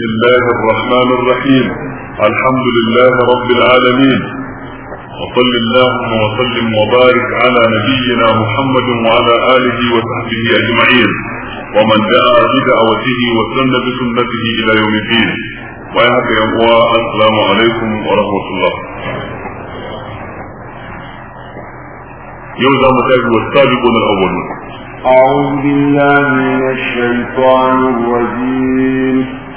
بسم الله الرحمن الرحيم الحمد لله رب العالمين وصل اللهم وسلم وبارك على نبينا محمد وعلى اله وصحبه اجمعين ومن دعا بدعوته وسن بسنته الى يوم الدين ويا هو السلام عليكم ورحمه الله يوزع متاج والسابقون الاولون أعوذ بالله من الشيطان الرجيم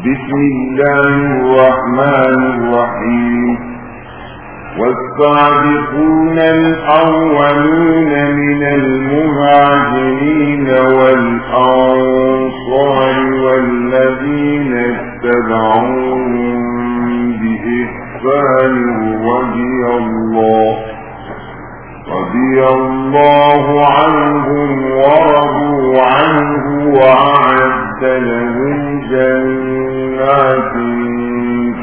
بسم الله الرحمن الرحيم والسابقون الأولون من المهاجرين والأنصار والذين اتبعوهم بإحسان رضي الله رضي الله عنهم ورضوا عنه وأعد لهم جنات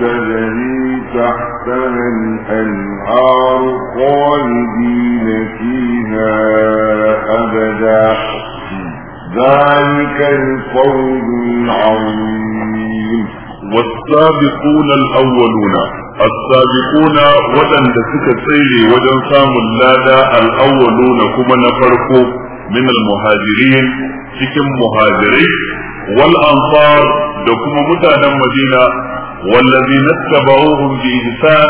تجري تحتها الأنهار خالدين فيها أبدا ذلك الفوز العظيم والسابقون الأولون السابقون ودن suka tsere wajen samun lada الأولون kuma na من المهاجرين cikin muhajirai wal ansar da kuma mutanen madina wallazina tabauhum bi ihsan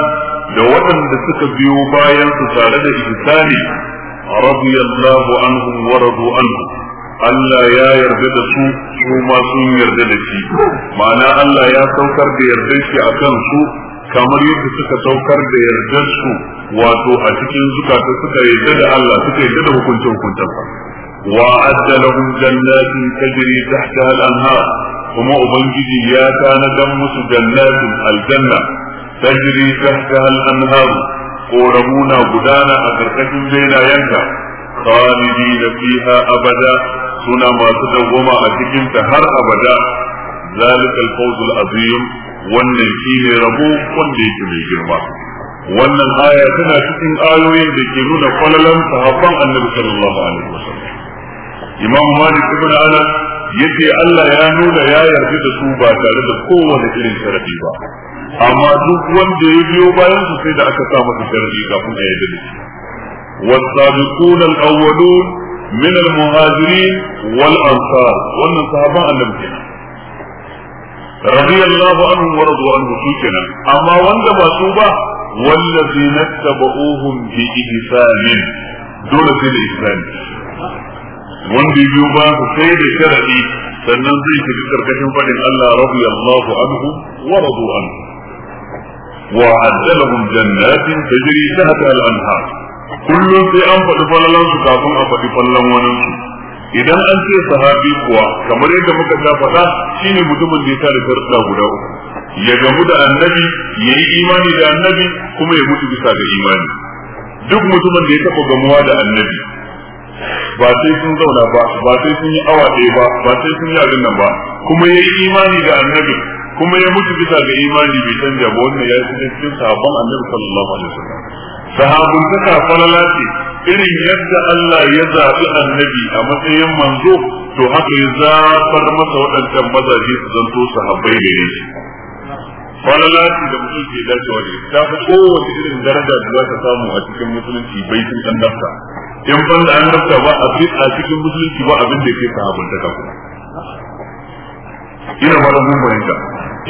da waɗanda suka biyo bayan su tare da ihsani radiyallahu anhum wa radu anhu Allah ya yarda da su su ma sun yarda da shi ma'ana Allah ya saukar da yardar shi akan su kamar yadda suka saukar da yardar su wato a cikin zukata suka yarda da Allah suka yarda da hukuncin hukuncin وأعد لهم جنات تجري تحتها الأنهار وما أبنجي يا كان دمس جنات الجنة تجري تحتها الأنهار قولمونا بدانا أكركتم بين ينكا خالدين فيها أبدا سنا ما تدوما أتكنت هر أبدا ذلك الفوز العظيم wannan shi ne rabo wanda yake mai girma wannan aya tana cikin ayoyin da ke nuna kwalalan sahabban annabi sallallahu alaihi wasallam imam malik ibn anas yace Allah ya nuna ya yarda da su ba tare da kowane irin sharadi ba amma duk wanda ya biyo bayan su sai da aka sa masa sharadi kafin ya yarda da shi والسابقون الأولون من المهاجرين والأنصار ومن صحابة النبي رضي الله عنهم ورضوا عنه سوكنا أما وند ما والذين اتبعوهم بإحسان دولة الإسلام wanda ya biyo bayan sai da sharaɗi sannan zai shiga karkashin faɗin Allah radiyallahu anhu wa radu anhu wa adalahum jannatin tajri tahta al-anhar kullum sai an faɗi fallalan su kafin a faɗi fallan wani su idan an ce sahabi kuwa kamar yadda muka ta faɗa shine mutumin da ya tare sharuɗa guda uku ya gamu da annabi ya yi imani da annabi kuma ya mutu bisa ga imani duk mutumin da ya taɓa gamuwa da annabi ba sai sun zauna ba ba sai sun yi awa ɗaya ba ba sai sun yi abin nan ba kuma ya yi imani da annabi kuma ya mutu bisa ga imani bai canja ba wannan ya yi cikin cikin sahabban annabi sallallahu alaihi wasallam sahabun ta kafalala ce irin yadda Allah ya zaɓi annabi a matsayin manzo to haka ya zaɓar masa waɗancan mazaje su zanto sahabbai da shi falalati da mutum ke dacewa ne ta fi kowace irin daraja da za ta samu a cikin musulunci bai sun dan nafsa in ban da an nafsa ba a cikin musulunci ba abin da ke sahabanta ka kuma ina ba da mun bayyana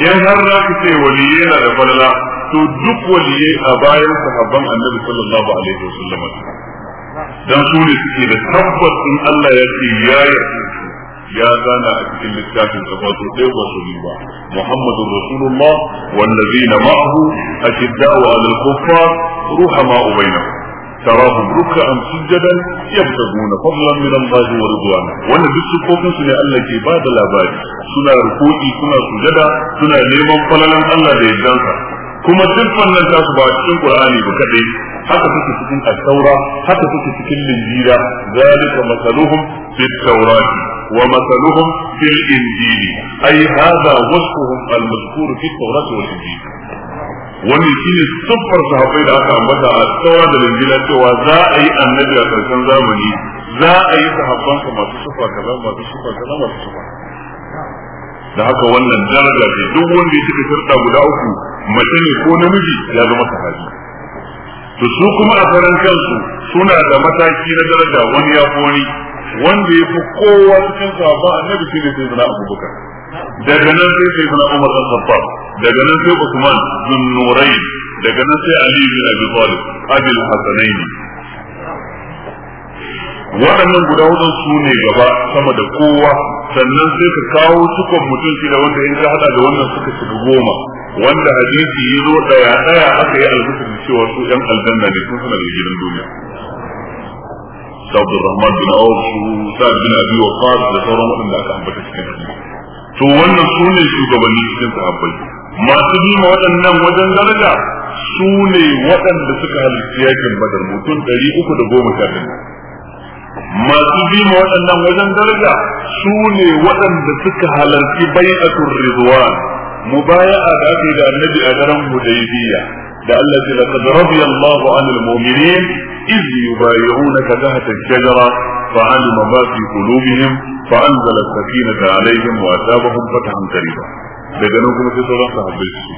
in har za ka ce waliyyi yana da falala to duk waliyyi a bayan sahabban annabi sallallahu alaihi wa wasallam dan su ne suke da tabbas in Allah ya ce ya yarda ya zana a cikin littafin sa ba su ɗaya ba su ba Muhammadu Rasulullah wallazina ma'ahu ashiddaw 'alal kuffar ruhama bainahum تراهم ركعا سجدا يبتغون فضلا من الله ورضوانا وانا duk sukofin su ne Allah ke ba da labari suna rukuki suna sujada suna neman falalan Allah da yaddansa kuma duk wannan ta su ba cikin Qur'ani ba kadai haka suke cikin at haka suke cikin Linjira zalika masaluhum fit tawrati ومثلهم في الإنجيل أي هذا وصفهم المذكور في التوراة والإنجيل Wani shi ne siffar sahabbai da aka ambata a tsawa da linjila cewa za a yi annabi a karshen zamani za a yi sahabbansa masu siffa kaza masu siffa kaza masu siffa da haka wannan daraja ce duk wanda ya cika sharɗa guda uku mace ne ko namiji ya zama sahabi to su kuma a faran kansu suna da mataki na daraja wani ya wani wanda ya fi kowa cikin sahaba annabi shi ne abu abubakar daga nan sai suna umar da khattab daga nan sai usman bin nurai daga nan sai ali bin abi talib abul hasanaini waɗannan guda hudun su ne gaba sama da kowa sannan sai ka kawo cikon mutum shi da wanda in ka hada da wannan suka shiga goma wanda hadisi ya zo daya daya aka yi da cewa su yan aljanna ne sun suna da gidan duniya da Abdurrahman bin Auf su Sa'd bin Abi Waqqas da sauran waɗanda aka ambata cikin hadisi to wannan su ne shugabanni cikin sahabbai masu bi waɗannan wajen daraja su ne waɗanda suka halarci yakin badar mutum ɗari uku da goma sha masu bi waɗannan wajen daraja su ne waɗanda suka halarci bai'atul ridwan mubaya'a da da annabi a daren hudaybiya da Allah ce laqad radiyallahu 'anil mu'minin إذ يبايعونك تحت الشجرة فعلم ما في قلوبهم فأنزل السكينة عليهم وأثابهم فتحا قريبا daga nan kuma sai sauran sahabbai su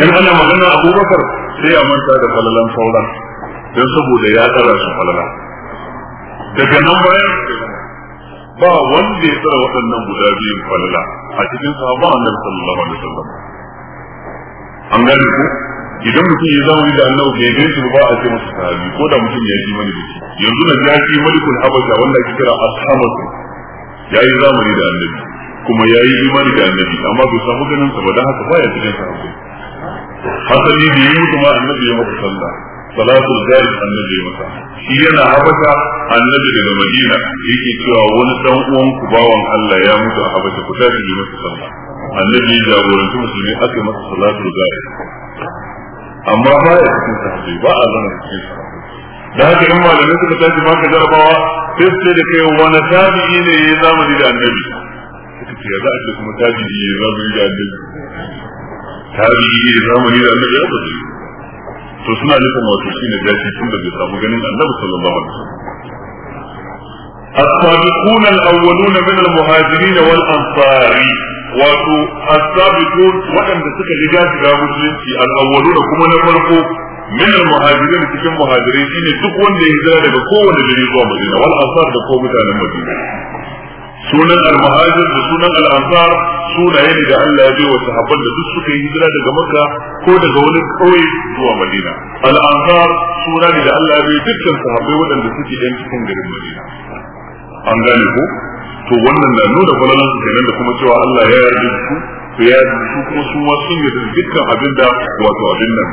yan ana magana Abu Bakar sai a manta da falalan sauran don saboda ya tsara falala ba wanda ya tsara waɗannan guda biyun falala a cikin sahabban Annabi sallallahu alaihi wasallam an gane ku idan mutum ya zama da annabi bai gan shi ba a ce masa sahabi ko da mutum ya ji mani da shi yanzu na jashi malikul habasha wanda ake kira ashabatu ya yi zamani da annabi kuma ya yi imani da annabi amma bai samu ganin sa ba dan haka baya cikin sahabbai hasali da yi mutum annabi ya masa sallah salatul jari annabi ya maka, shi yana habasha annabi daga madina yake cewa wani dan uwan ku bawan Allah ya mutu a habasha ku tafi yi masa sallah annabi ya jagoranci musulmi aka masa salatul jari amma ba ya cikin sahabbai ba a zama cikin sahabbai da haka in malamai suka tashi ma ka jarabawa sai su ce da kai wani tabi'i ne ya zamani da annabi suka ce ya za a ce kuma tabi'i ya zamani da annabi tabi'i ne ya zamani da annabi ya zaci to suna nufin wato shi ne gashi tun da bai samu ganin annabi sallallahu alaihi wasallam السابقون الأولون من المهاجرين والأنصار wato as-sabiqun waɗanda suka riga shiga musulunci al da kuma na farko min al-muhajirin cikin muhajirai shine duk wanda ya hijira daga kowane gari zuwa Madina wal ansar da ko mutanen Madina sunan al-muhajir da sunan al-ansar sunaye ne da Allah ya bai wa sahabban da duk suka yi hijira daga Makka ko daga wani kauye zuwa Madina al-ansar suna ne da Allah ya bai dukkan sahabbai waɗanda suke yan cikin garin Madina an gane ko to wannan na nuna falalan su kenan da kuma cewa Allah ya yarda su to ya yarda su kuma su ma sun yarda dukkan abin da wato abin nan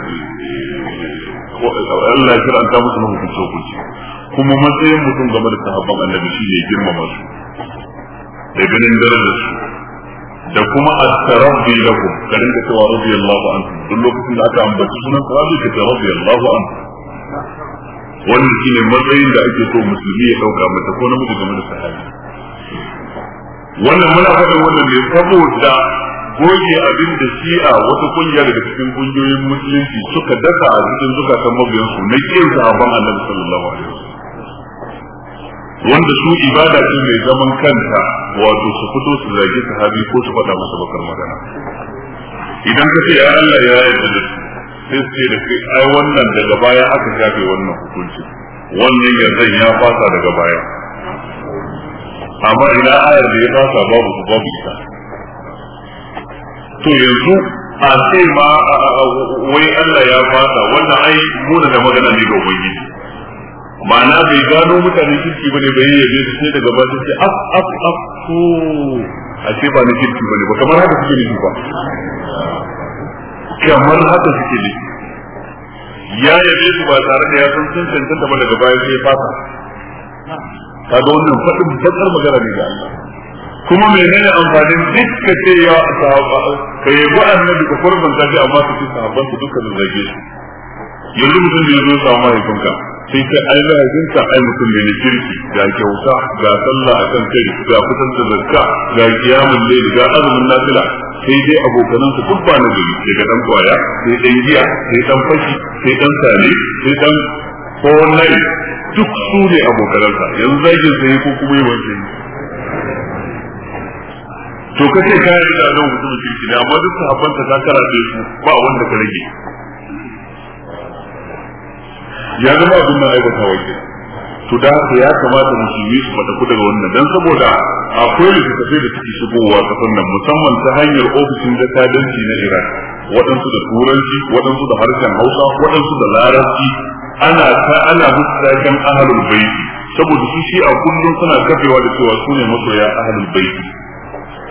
Allah ya an kiranta musu na hukunci hukunci kuma matsayin mutum game da sahabban annabi shi ne girmama su da ganin darajar su da kuma at-tarabbi lakum karin da cewa radiyallahu anhu duk lokacin da aka ambaci sunan sahabi ka ce radiyallahu anhu wannan shine matsayin da ake so musulmi ya dauka mata ko namiji game da sahabi wannan muna faɗin wannan ne saboda goge abin da shi'a wata kungiya daga cikin kungiyoyin musulunci suka dasa a cikin zukatan mabiyansu na kin sahabban annabi sallallahu alaihi wasallam wanda su ibada ce mai zaman kanta wato su fito su zage sahabi ko su faɗa masa bakar magana idan ka ce ya Allah ya yi da su sai ce da kai ai wannan daga baya aka shafe wannan hukunci wannan yanzu ya fasa daga baya amma ina ayar da ya fasa babu su babu ita to yanzu a ce ma wai Allah ya fasa wannan ai muna da magana ne ga ubangiji ma'ana bai gano mutanen kirki bane bai yi da su sai daga ba sai af af af to a ce ba ne kirki bane ba kamar haka suke nufi ba kamar haka suke nufi ya yabe su ba tare da ya san sun cancanta ba daga baya sai fasa Ka kaga wannan faɗin bakar magana ne ga Allah kuma menene amfanin dukkan ce ya sahaba ka yi ba annabi ka kurban ta amma su ci sahabban su dukkan zage su yanzu mutum da ya zo samu mahaifinka sai ce ai mahaifinka ai mutum ne na kirki ga kyauta ga sallah a kan kai ga kusan da zakka ga kiyamun laili ga azumin nafila sai dai abokanan su duk ba na gari sai ga dan kwaya sai dan giya sai dan fashi sai dan sale sai dan ko nai duk su ne abokanarsa yanzu zagin sai ko kuma yi wancan to ka ce kayan da nan mutumin kirki ne amma duk sahabban ta kara da su ba wanda ka rage ya zama abin na aibata wake to da haka ya kamata mu musulmi su fata ku daga wannan dan saboda akwai littattafai da suke shigowa ta fannin musamman ta hanyar ofishin jakadanci na Iran waɗansu da turanci waɗansu da harshen Hausa waɗansu da larabci ana ana mutsarakin ahalin bait saboda su shi a kullum suna kafewa da cewa su ne masoya ahlul bait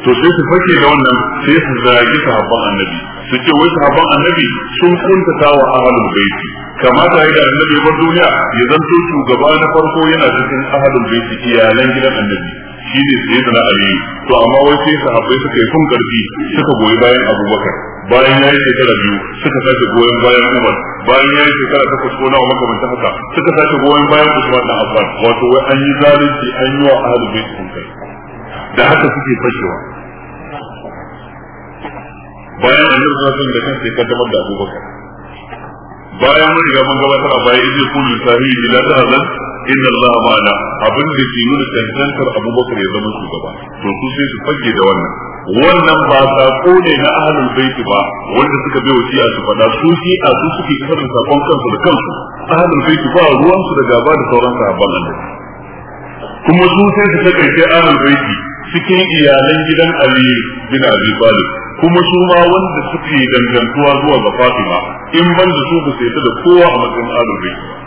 to sai su fake da wannan sai su zagi sahabban annabi su ce wai sahabban annabi sun kuntata wa ahlul bait kamata ya da annabi bar duniya ya zanto shugaba na farko yana cikin ahalin bait iyalan gidan annabi shi ne sai da ali to amma wai sai sahabbai suka yi sun karfi suka goyi bayan abubakar bayan ya yi shekara biyu suka sake goyon bayan umar bayan ya yi shekara ta kusko na umar kamar haka suka sake goyon bayan usman da abbas wato wai an yi zalunci an yi wa ahlul bait sun da haka suke fashewa bayan annabi sallallahu alaihi wasallam da kansa kaddamar da abubakar bayan mun riga mun gabatar a baya idil kullu sahihi la ta'zan inna Allah ma'ana abin da ke nuna cancantar abubakar ya zama shugaba to su sai su fage da wannan wannan ba sako ne na ahlul baiti ba wanda suka bai wasiya su fada su shi a su suke karin sakon kansu da kansu ahlul baiti ba ruwan su da gaba da sauran sahabban nan. kuma su sai su ta karshe ahlul baiti cikin iyalan gidan Ali bin Abi Talib kuma su ma wanda suke dangantuwa zuwa ga Fatima in ban da su ba sai da kowa a matsayin ahlul baiti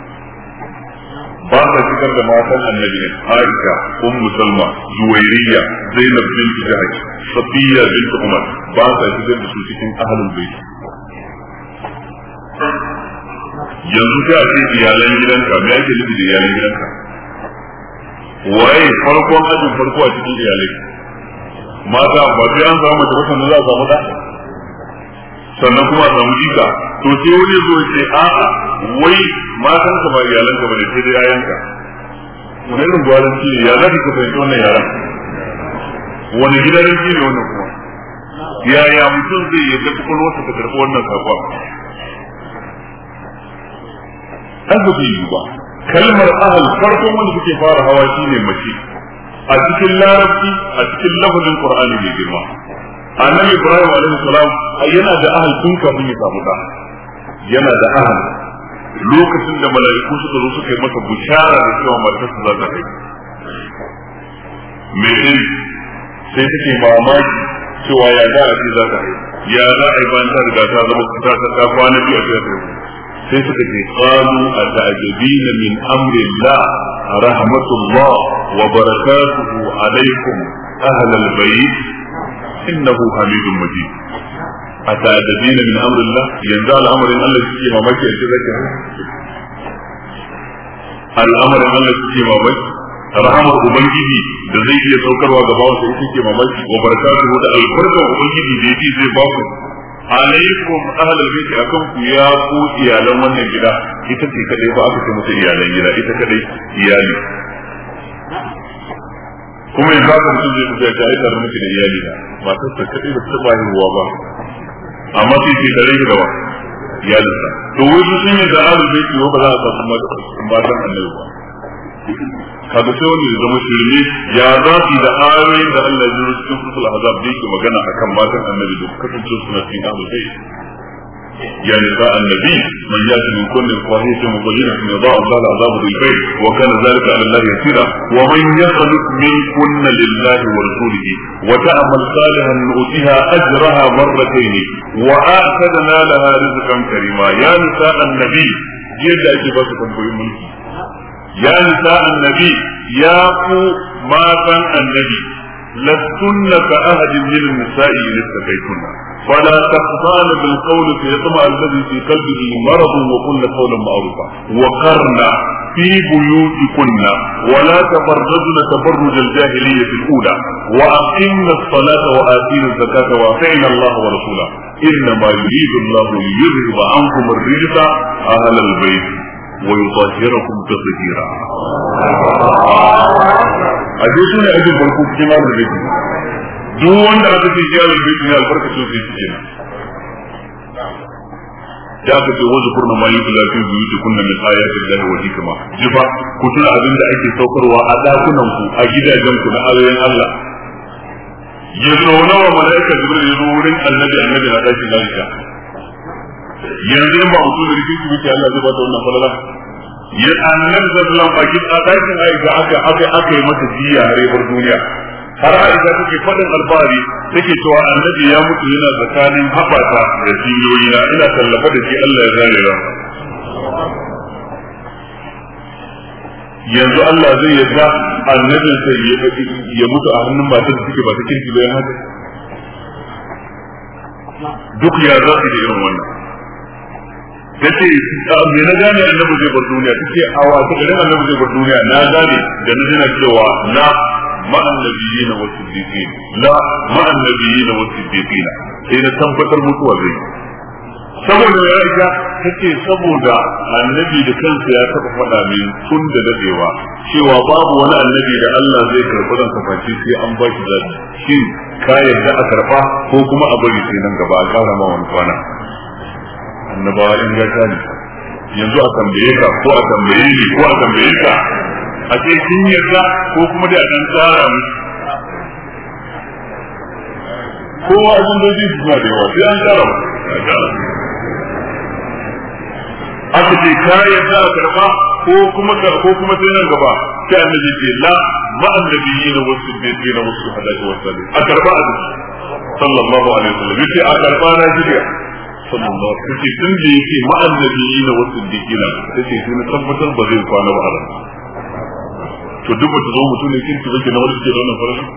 ba sa shigar da matan annabi ne Aisha ummu Salma Juwairiya Zainab binti Jahsh Safiya binti Umar ba sa shigar da su cikin ahlul bait yanzu ta ce iyalan gidanka me ake nufi da iyalan gidanka waye farkon ajin farko a cikin iyalai mata ba sai an samu da wasan da za a samu da sannan kuma a samu jika to sai wani zo ce a'a wai matan ka ba iyalan ka bane sai dai ayan ka wani irin gwaran ne ya za ka fahimci wannan yaran wani gidan ne wannan kuma yaya mutum zai yadda kwakwalwarsa ta karɓi wannan sakon an ba zai yi ba kalmar ahal farkon wanda kuke fara hawa shi ne mace a cikin larabci a cikin lafazin qur'ani mai girma annabi ibrahim alaihi salam yana da ahal tun kafin ya samu da yana da ahal lokacin da mala'iku suka zo suka yi masa bushara da cewa su za ta kai. me sai take mamaki cewa ya za a ce za ta kai, ya za a yi bayan ta riga ta zama ta ta kwana biyu a ce ta haihu sai suka ce qalu ata'jabina min amri Allah rahmatullah wa barakatuhu alaykum ahlal bayt innahu hamidun majid أتعددين من أمر الله ينزع الأمر إن الله سكي ما مكي أشدك الأمر إن الله سكي ما مكي rahamar ubangiji da zai iya saukarwa ga bawan sa yake mamaki wa barakatuhu da albarkar ubangiji da yake zai baku alaikum ahlul bait akan ku ya ku iyalan wannan gida ita ce kadai ba aka kuma yanzu aka mutum zai ya ta aikar miki da iyali na matar ta kadai ba ta ba ruwa ba amma sai sai dare da wa ya lissa to wai su sun yi da alu bai ciwo ba za a samu mata ba san annabi ba kaga sai wanda ya zama shirme ya za su da ayoyin da Allah ya jiro cikin sulhul azab da yake magana a akan matan annabi da kasance suna cikin alu bai يا نساء النبي من يأتي من كل فاحشة مبينة يضاء الله عذاب البيت وكان ذلك على الله يسيرا ومن يخلق من لله ورسوله وتعمل صالحا نؤتيها أجرها مرتين وأعتدنا لها رزقا كريما يا نساء النبي yadda ake ba su tambayoyin mulki ya nisa annabi النبي ku لستن كأهل من النساء لستكيتن فلا تخضعن بالقول فيطمع الذي في قلبه مرض وقلن قولا معروفا وقرن في بيوتكن ولا تبرجن تبرج الجاهلية الأولى وأقمن الصلاة وآتين الزكاة وأطعن الله ورسوله إنما يريد الله ليذهب عنكم الرجس أهل البيت ويطهركم تطهيرا aje su ne ajin farko cikin da rubutu duk wanda aka ce ya rubutu ne albarkacin sai cikin da aka ce wajen kurna ma yi lafi kunna min ayar da Allah wa hikma jifa ku tuna abin da ake saukarwa a dakunan a gidajen ku na Allah nawa malaika jibril ya zo na dakin Aisha yanzu in ba mu tuna rikin ki biki Allah zai ba ta wannan falala ya annabi sallallahu alaihi wasallam a dakin aisha aka aka aka yi mata jiya rebar duniya har aisha take fadin albari take cewa annabi ya mutu yana tsakanin habata da jinyoyi na ina tallafa da shi Allah ya zare ran yanzu Allah zai yarda annabin sai ya mutu a hannun matar da take ba ta kirki ba ya haka duk ya za su da irin wannan kace ah, me na gane annabi zai bar duniya kace a wato idan annabi zai bar duniya na gane da na jina cewa na مع النبيين والصديقين Na مع النبيين والصديقين sai na tabbatar mutuwa zai saboda ya riga ce saboda annabi da kansa ya taba faɗa min tun da dadewa cewa babu wani annabi da Allah zai karɓi ranka kafaci sai an ba shi zaɓi shin ka yarda a karɓa ko kuma a bari sai nan gaba a ƙara ma wani kwana annabawa in gata ne yanzu a tambaye ka ko a tambaye ni ko a tambaye ka a ce kin yarda ko kuma da dan tsara mu kowa abin da zai suna da yawa sai an tsara mu. aka ce ka yarda a karba ko kuma ko kuma sai nan gaba sai annabi ce la ma na wasu na wasu hadati wasu a karba a sallallahu alaihi wasallam yace a karba na jiya sallallahu alaihi wasallam tun da yake ma'an nabiyina wa siddiqina sai sai na tabbatar ba zai kwana ba aran to duk wata zo mutum ne kin zai gina wani ke da wannan farashi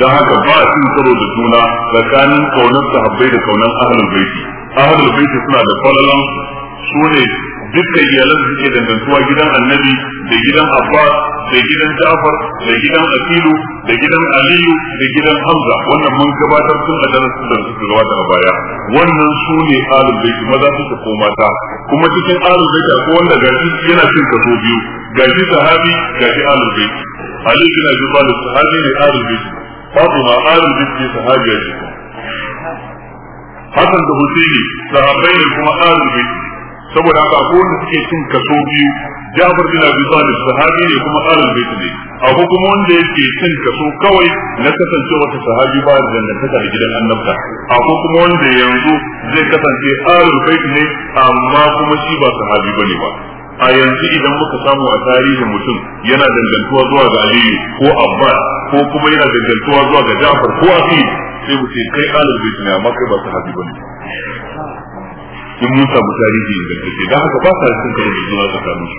dan haka ba a cin karo da juna tsakanin kaunar sahabbai da kaunar ahlul baiti ahlul baiti suna da falalan su ne dukkan iyalan da suke dangantuwa gidan annabi da gidan abbas da gidan ja'far da gidan asilu da gidan aliyu da gidan hamza wannan mun gabatar tun a darasin da suka gabata a baya wannan su ne alul baiti maza suka ko mata kuma cikin alul baiti akwai wanda gashi yana cin kaso biyu gashi sahabi gashi alul baiti ali bin abi talib sahabi ne alul baiti fatima alul baiti ya ce Hassan da Husaini sahabbai ne kuma alul baiti saboda haka akwai wanda suke cin kaso biyu Jabir bin Abi Talib sahabi ne kuma Ahlul Bait ne akwai kuma wanda yake cin kaso kawai na kasance wata sahabi ba da ta da gidan annabta akwai kuma wanda yanzu zai kasance Ahlul Bait ne amma kuma shi ba sahabi bane ba a yanzu idan muka samu a tarihin mutum yana dangantuwa zuwa ga Aliyu ko Abbas ko kuma yana dangantuwa zuwa ga Jafar ko Aqil sai mu ce kai Ahlul Bait ne amma kai ba sahabi bane in mun samu tarihi da take da haka ba sa cin karo da juna tsakanin su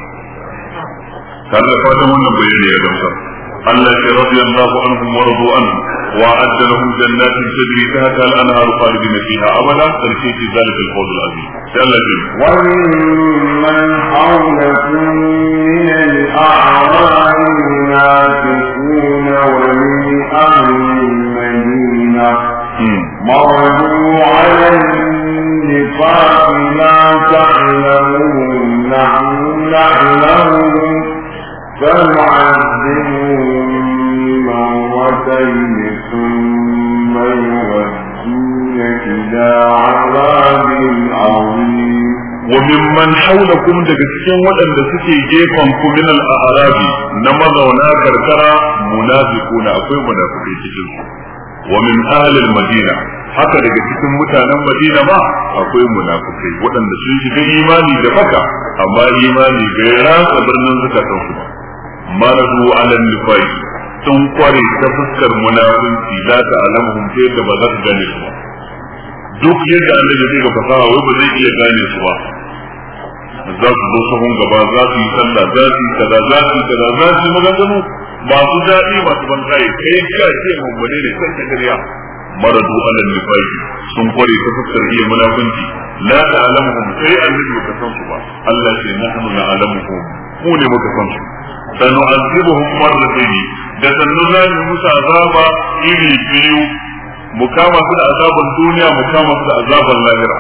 tare da fatan wannan bayani ya gamsa Allah ya rabbi Allah anhum wa radu an wa adda lahum jannatin tajri tahta al-anhar khalidina fiha abada tarki fi zalika al-fawz al-azim ya Allah ji wa man hawlakum min al-a'rab munafiqun wa min ahli al-madina مرضوا على النفاق لا تعلمون نحن نعلمهم فنعذبهم مرتين ثم يودون إلى عذاب عظيم وممن حولكم دقسكم ودن دسكي جيفن من الأعراب نمضوا ناكر ترى منافقون أقوى منافقين wa min ahlil madina haka daga cikin mutanen madina ma akwai munafukai waɗanda sun shiga imani da baka amma imani bai ratsa birnin zakatan su ba maradu ala nifai sun kware ta fuskar munafunci za ta ta'lamuhum ta yadda ba za su gane su ba duk yadda annabi zai ga fasaha wai ba zai iya gane su ba za su zo sahun gaba za su yi sallah za su yi kaza za su yi kaza za su yi maganganu masu daɗi masu ban kai kai ka ce mummune ne kan kariya maradu alal nifaqi sun kware ta fuskar iya munafunci la ta'lamuhum sai annabi baka san su ba Allah ce na na alamu na'lamuhum mu ne muka san su sanu azibuhum marratayn da sannu za mu musu azaba iri biyu mu kama su da azaban duniya mu kama su da azaban lahira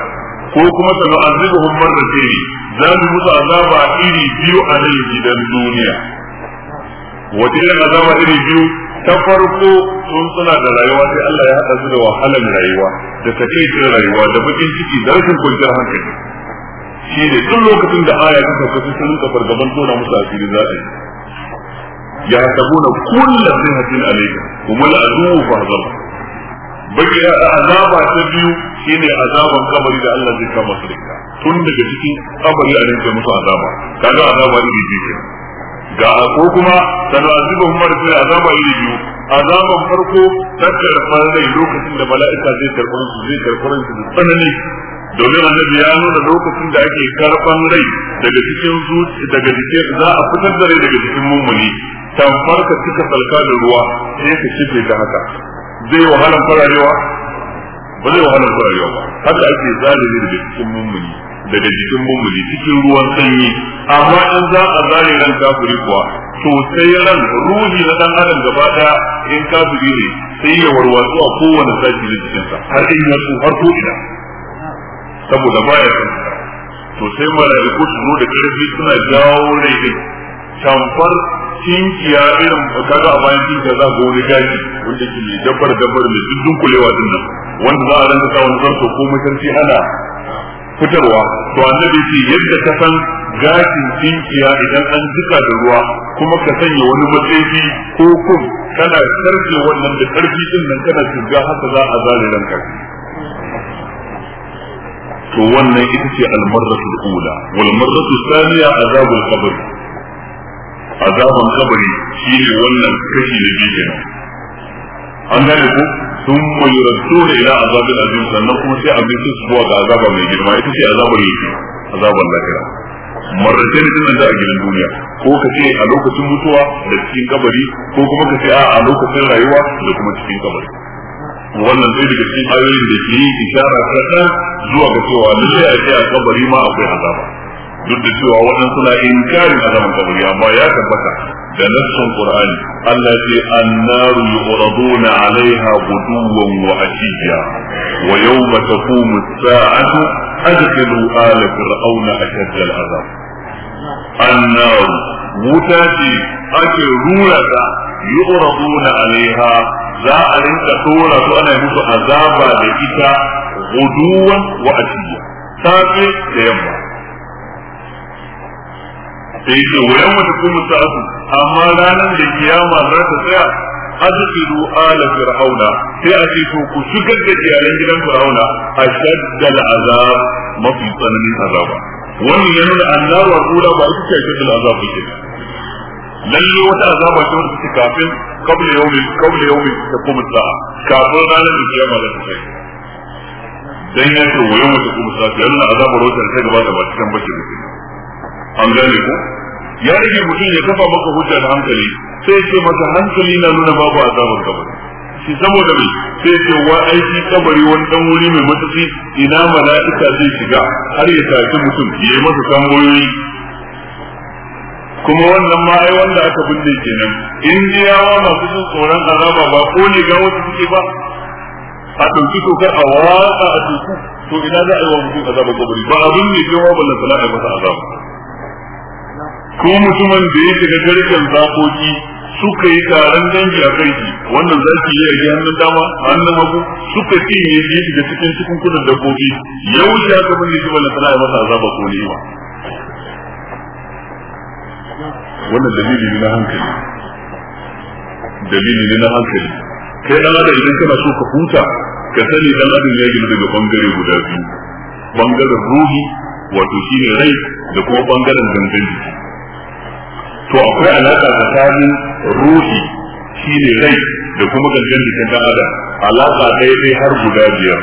ko kuma sannu sanu azibuhum marratayn za mu musu azaba iri biyu a nan gidan duniya wata irin azaba iri biyu ta farko sun suna da rayuwa sai Allah ya haɗa su da wahalar rayuwa da takaicin rayuwa da bakin ciki da rashin kwanciyar hankali shi ne duk lokacin da aya ta sauka su sun rinka fargaban tona musu asiri za a yi ya kulla kullu sihatin alayka kuma al'adu fa hazar baki azaba ta biyu shine azaban kabari da Allah zai kama su da tun daga cikin kabari a rinka musu azaba kaga azaba ne biyu kenan ga ko kuma azibu kuma da azaba yi biyu azaban farko takkar farai lokacin da mala'ika zai karɓar su zai karɓar su tsanani domin annabi ya nuna lokacin da ake karɓan rai daga cikin zuci daga cikin za a fitar da rai daga cikin mummuni tamfar ka cika salka da ruwa sai ka shige da haka zai wahalar fararewa ba zai wahalar fararewa ba haka ake zalimi daga cikin mummuni daga jikin mummuni cikin ruwan sanyi amma in za a zare ran kafiri kuwa to sai ran ruhi na dan adam gaba daya in kafiri ne sai ya warwatsu a kowane sashi na jikinsa har in ya su har to ina saboda baya to sai malaiku su zo da karfi suna jawo rai din cinkiya irin kaga a bayan cinkiya za ga wani gashi wanda ke dabbar dabbar mai dundun kulewa din nan wanda za a ranta sa wani zarto ko makarci ana fitarwa to annabi ce yadda ka san gashin tinkiya idan an jika da ruwa kuma ka sanya wani matsayi ko kun kana karfe wannan da karfi din nan kana shiga haka za a zare ran karfi to wannan ita ce almarratu al-ula wal marratu thaniya azabul qabr azabul qabri shine wannan kashi da biyu an gane ku ثم يردون الى عذاب العظيم sannan kuma sai a bi zuwa ga azaba mai girma ita ce azabar yake azabar lahira a gidan duniya ko ka ce a lokacin mutuwa da cikin kabari ko kuma ka ce a lokacin rayuwa da kuma cikin kabari wannan sai daga cikin ayoyin da ke yi isharar zuwa ga cewa lalle a kabari ma akwai azaba duk da cewa wannan suna inkarin azaban kabari amma ya tabbata da nassin qur'ani Allah ce annaru yuraduna alaiha guduwan wa ashiya wa yawma taqumu as-sa'atu adkhilu ala fir'auna ashadda al-azab annaru wuta ce ake rura ta yuraduna alaiha za a rinka tora su ana musu azaba da ita guduwan wa ashiya safe da yamma sai ce wayan wata kuma asu amma ranar da kiyama za ta tsaya adkhilu ala fir'auna sai a ce to ku shigar da iyalan gidan fir'auna ashaddal azab mafi tsananin azaba wannan ya nuna annaru wa kula ba ita ce ashaddal azab ke lalle wata azaba ce wanda take kafin kabla yawmi kabla yawmi ta kuma sa'a kafin ranar da kiyama za ta tsaya dan ya ce wayan wata kuma sa'atu yana azabar wata ta gaba da ba cikin bakin an gane ko ya rage mutum ya kafa maka hujja da hankali sai ce maka hankali na nuna babu azabar kabari shi saboda mai sai ce wa aiki kabari wani dan wuri mai matsatsi ina mala'ika zai shiga har ya tafi mutum ya yi masa tambayoyi kuma wannan ma ai wanda aka binne kenan indiyawa masu jin tsoron azaba ba ko ne ga wasu suke ba a ɗauki tokar a watsa a teku to ina za a yi wa mutum azabar kabari ba abin ne kewa ballan sana'a masa azaba ko mutumin da ya shiga garken zakoki suka yi taron dangi a kai shi wannan zaki ya yi hannun dama hannun hagu suka ce ya yake da cikin cikin kudin dabbobi ya wuce aka bane shi wannan sana'a masa azaba ko ne ba wannan dalili ne na hankali dalili ne na hankali kai dan adam idan kana so ka huta ka sani dan adam ya gina daga bangare guda biyu bangaren ruhi wato shine rai da kuma bangaren gangan jiki to akwai alaka tsakanin ruhi shine rai da kuma gangan jikin dan adam alaka ɗaya ɗaya har guda biyar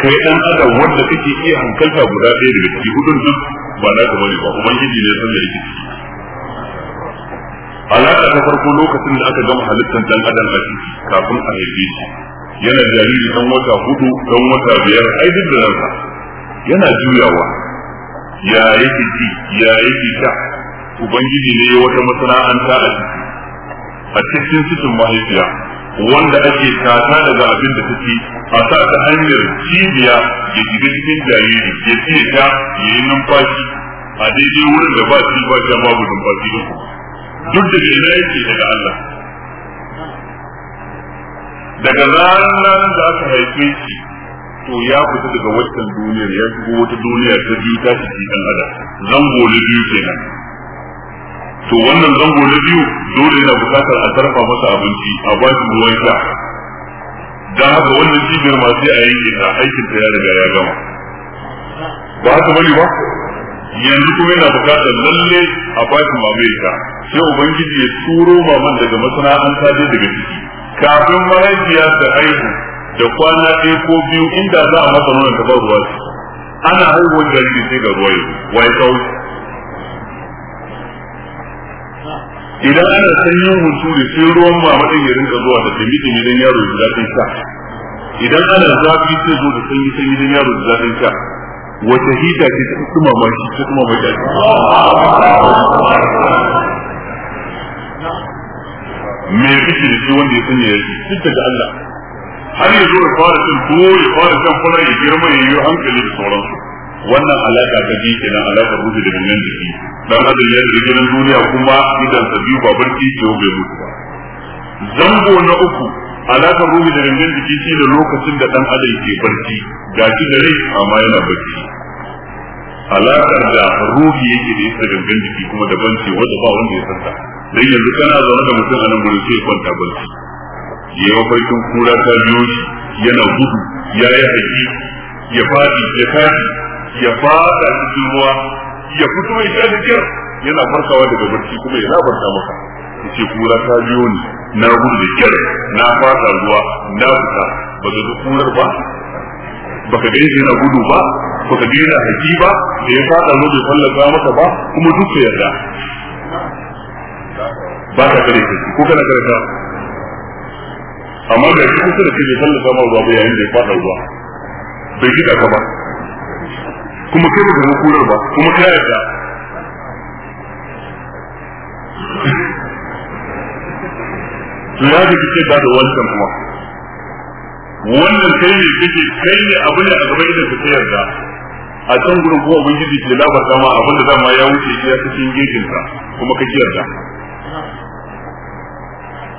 kai dan adam wanda kake iya hankalta guda ɗaya daga ciki hudun duk ba na gaba ne ba ubangiji ne san da yake ciki alaka ta farko lokacin da aka gama halittar dan adam a ciki kafin a haife shi yana jariri dan wata hudu dan wata biyar ai duk da nan yana juyawa ya yake ci ya yake sha ubangiji ne wata masana'anta a ciki a cikin cikin mahaifiya wanda ake tata daga abin da take a sa ta hanyar cibiya ya shiga cikin jariri ya fiye ta ya yi numfashi a daidai wurin da ba shi ba shi babu numfashi da duk da na yake daga Allah daga ranar da aka haife shi to ya fita daga wancan duniyar ya shigo wata duniya ta biyu ta shi ɗan adam zango na biyu kenan to wannan zango na biyu dole yana bukatar a tarfa masa abinci a ba shi ruwan sha dan haka wannan cibiyar ma sai a yanke ta aikin ta ya riga ya gama ba haka bane ba yanzu kuma yana bukatar lalle a ba shi mama sha sai ubangiji ya turo maman daga masana'anta dai daga ciki kafin mahaifiya ta aihu da kwana ɗaya ko biyu inda za a masa nuna ta ba ruwa ana haihuwar jariri sai ga ruwa ya wai kawai idan ana sanyin hunturi sai ruwan mamadin ya rinka zuwa da dumi dumi dan yaro ya daɗin sha idan ana zafi sai zo da sanyi sanyi dan yaro ya daɗin sha wata hita ce ta kuma mamaki ta kuma mamaki me kake da shi wanda ya sanya yaki duk daga Allah har ya zo ya fara cin tuwo ya fara cin fara ya girma ya yi hankali da sauransu wannan alaka ta ji kenan alakar ruhi da gangan jiki dan adam ya rike nan duniya kuma idan sa biyu ba barci ce bai mutu ba zango na uku alakar ruhi da gangan jiki shi ne lokacin da dan adam ke barci ga shi da rai amma yana barci alakar da ruhi yake da isa gangan jiki kuma da ce wanda ba wanda ya san ta dan yanzu kana zaune da mutum a nan gurin sai kwanta barci yi mafarkin kura ta biyo shi yana gudu ya yi haƙi ya faɗi ya tashi ya fada cikin ruwa ya fito ya sha da yana farkawa daga barci kuma yana farka maka ya ce kura ta biyo ni na gudu da kyar na fada ruwa na fita ba ga kurar ba baka ga yana gudu ba baka ga yana haji ba da ya fada ruwa bai fallaka maka ba kuma duk yadda. yarda ba ka kare ka ko kana kare ka amma da shi kusa da ke bai fallaka ma ruwa ba yayin da ya fada ruwa bai kika ka ba kuma kai baka ga ba kuma ka yarda ya da kike ba da wancan kuma wannan kai ne kike kai ne abin da a gaban idan kike yarda a can gurin kuma ubangiji ke labarta ma abin da ma ya wuce ya cikin gejin ka kuma kake yarda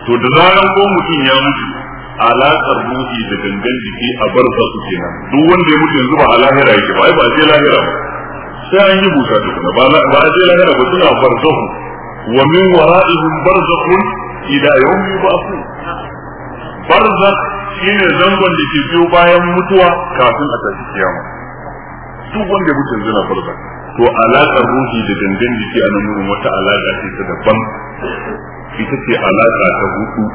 to da zaran ko mutum ya mutu alaƙar ruhi da gangan jiki a barza su kenan duk wanda ya mutu yanzu ba a lahira yake ba ai ba a je lahira ba sai an yi busa tukuna ba a je lahira ba suna barzahu wa min wara'ihim barzakhun ila yawm yub'athu barzakh shine zangon da ke biyo bayan mutuwa kafin a tashi kiyama duk wanda ya mutu yanzu na barzakh to alaƙar ruhi da gangan jiki a nan wata alaƙa ce ta daban ita ce alaƙa ta hudu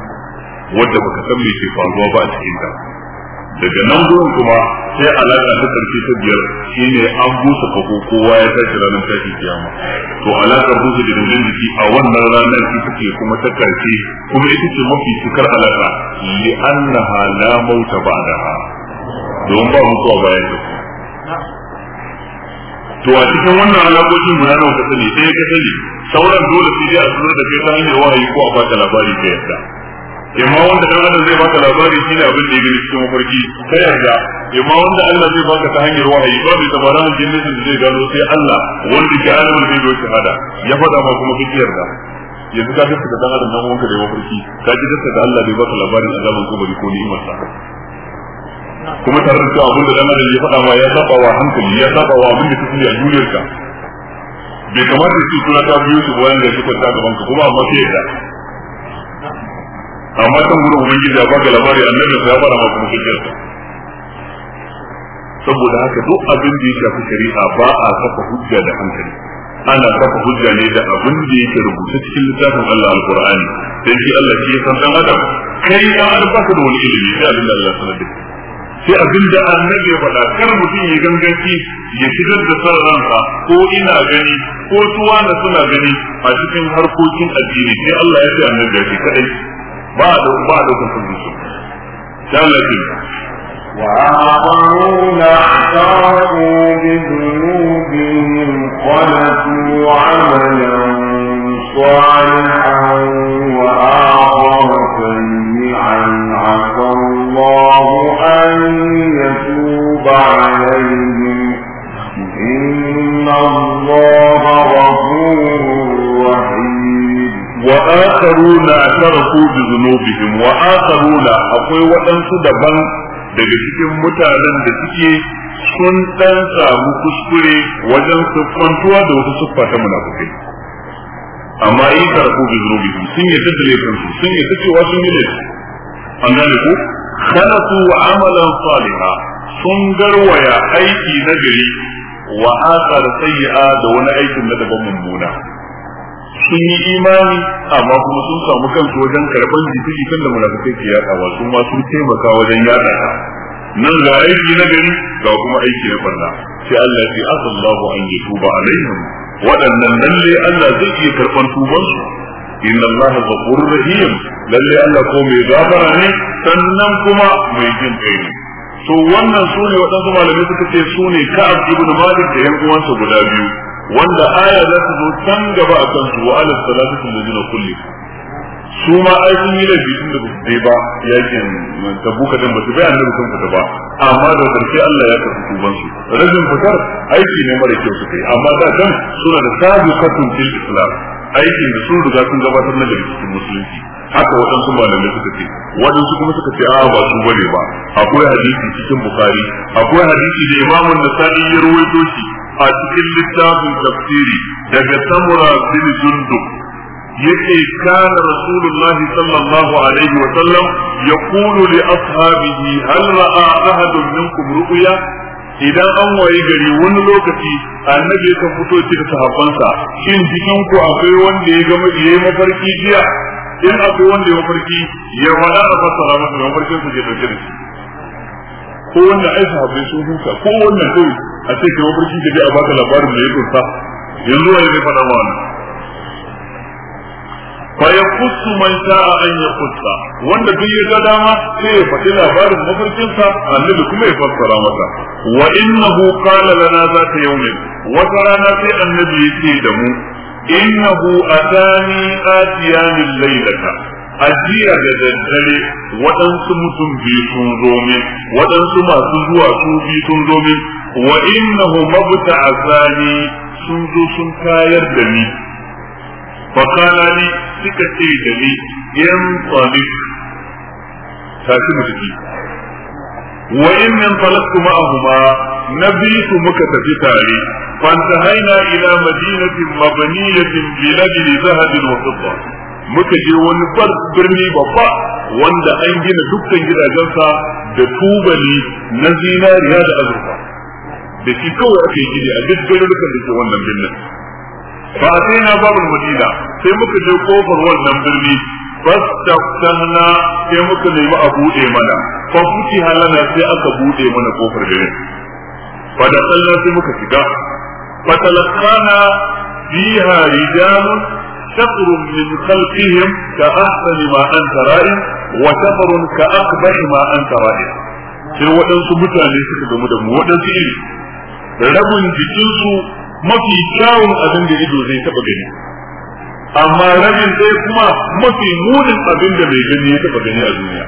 wadda baka san me ke faruwa ba a cikin ta daga nan gurin kuma sai alaka ta karshe ta biyar shine an busa kafo kowa ya tashi ranar tashi kiyama to alaka busa da dangin jiki a wannan ranar ki take kuma ta karshe kuma ita ce mafi cikar alaka li annaha la mauta ba'daha don ba mutuwa bayan ta to a cikin wannan alaƙoƙin mu yana ka sani sai ka sani sauran dole sai dai a sanar da kai ta hanyar wahayi ko a fata labari ta yadda imma wanda dan adam zai baka labari shine abin da ya gani cikin mafarki sai yarda imma wanda Allah zai baka ta hanyar wahayi ba bai mun jinnin da zai gano sai Allah wanda ke alimul ghaibi wa shahada ya faɗa ma kuma kike yarda yanzu ka gaske da dan adam nan wanka da mafarki ka ji gaske da Allah bai baka labarin azaban kubari ko ni'imar sa kuma tare da cewa abin da dan adam ya faɗa ma ya saba wa hankali ya saba wa abin da yi a ka. bai kamata su suna ta biyu su bayan da shi kwanta gaban ka kuma amma sai yarda amma kan gurin ubangiji ya baka labari annabi ya fara maka mutuncin saboda haka duk abin da ya shafi shari'a ba a kafa hujja da hankali ana kafa hujja ne da abin da yake rubuta cikin littafin Allah alqur'ani dan shi Allah shi ya san dan adam kai ba albaka da wani ilimi sai abin da Allah ya sanar da sai abin da annabi ya faɗa kar mutum ya ganganci ya shigar da son ranka, ko ina gani ko tuwa na suna gani a cikin harkokin addini sai Allah ya ce annabi ya ce kadai بعد بعد كل da kun وآخرون اعترفوا بذنوبهم خلقوا عملا صالحا وآخر سيئا عسى الله أن يتوب عليهم إن الله غفور رحيم akharuna taraku bi dhunubihim wa akharuna akwai waɗansu daban daga cikin mutanen da suke sun dan samu kuskure wajen siffantuwa da wasu siffa ta munafikai amma in karku bi zurubihim sun yi tattale sun yi amalan sun garwaya aiki na gari wa asar sayyi'a da wani aikin na daban mummuna sun yi imani amma kuma sun samu kansu wajen karɓar jita jikin da munafikai ke yaɗawa sun ma sun taimaka wajen yaɗa ta nan ga aiki na gari ga kuma aiki na barna sai Allah ya ce Allah an yi tuba alaihim waɗannan lalle Allah zai iya karɓar tubansu إن الله غفور رحيم للي أن قوم يغفر kuma سنن jin kai ne? To wannan sune waɗansu malamai suka ce sune Ka'ab ibn Malik da 'yan uwansa guda biyu wanda aya za ta zo can gaba a kansu wa alal salatu allazina kulli su ma ai sun yi laifi tun da su dai ba yakin tabuka din ba su bai annabi sun fita ba amma da karshe Allah ya karɓi tuban su rajin fitar aiki ne mara kyau su kai amma da kan suna da sabiqatun fil islam aikin da sun riga sun gabatar na gari cikin musulunci haka waɗansu malamai suka ce waɗansu kuma suka ce a ba su bane ba akwai hadisi cikin bukari akwai hadisi da imamun nasa'i ya ruwaito shi a cikin littafin tafsiri daga samura bin jundub yake kana rasulullah sallallahu alaihi wa sallam yaqulu li ashabihi hal ra'a ahadun minkum ru'ya idan an waye gari wani lokaci annabi ya fito cikin sahabbansa shin cikin ku akwai wanda ya ga yayi mafarki jiya in akwai wanda ya mafarki ya wada a fassara masa mafarkin su ke dauke da shi ko wannan aisha sahabbai sun huta ko wannan kai a ce ke mafarki da a baka labarin da ya kunsa yanzu wani ne fada ma wannan fa ya kusu man sha'a an ya kusa wanda duk ya ga dama sai ya faɗi labarin mafarkinsa annabi kuma ya fassara masa wa innahu qala lana zata yawmin wata rana sai annabi ya ce da mu innahu atani atiyani laylata a jiya da daddare waɗansu mutum biyu sun zo min waɗansu masu zuwa su biyu sun zo min wa innahu mabta asani sun zo sun kayar da ni fa kana ni suka ce da ni in tsadiq tashi mutaki wa in min talaqtu ma'ahuma nabitu muka tafi tare fantahaina ila madinatin mabniyatin bi ladli zahabin wa fidda muka je wani birni babba wanda an gina dukkan gidajensa da tubali na zinariya da azurfa da shi kawai aka yi gini a duk garurukan da ke wannan birnin ba sai na babu madina sai muka je kofar wannan birni bas fastaftahna sai muka nemi a bude mana fa fuki halana sai aka bude mana kofar birnin. fa da sallah sai muka shiga fa talaqana fiha rijalun شطر من خلقهم كأحسن ما أنت رائع وشطر كأقبح ما أنت رائع sai waɗansu mutane suka gamu da mu waɗansu iri rabin jikinsu mafi kyawun abin da ido zai taɓa gani amma rabin ɗaya kuma mafi munin abin da mai gani ya taɓa gani a duniya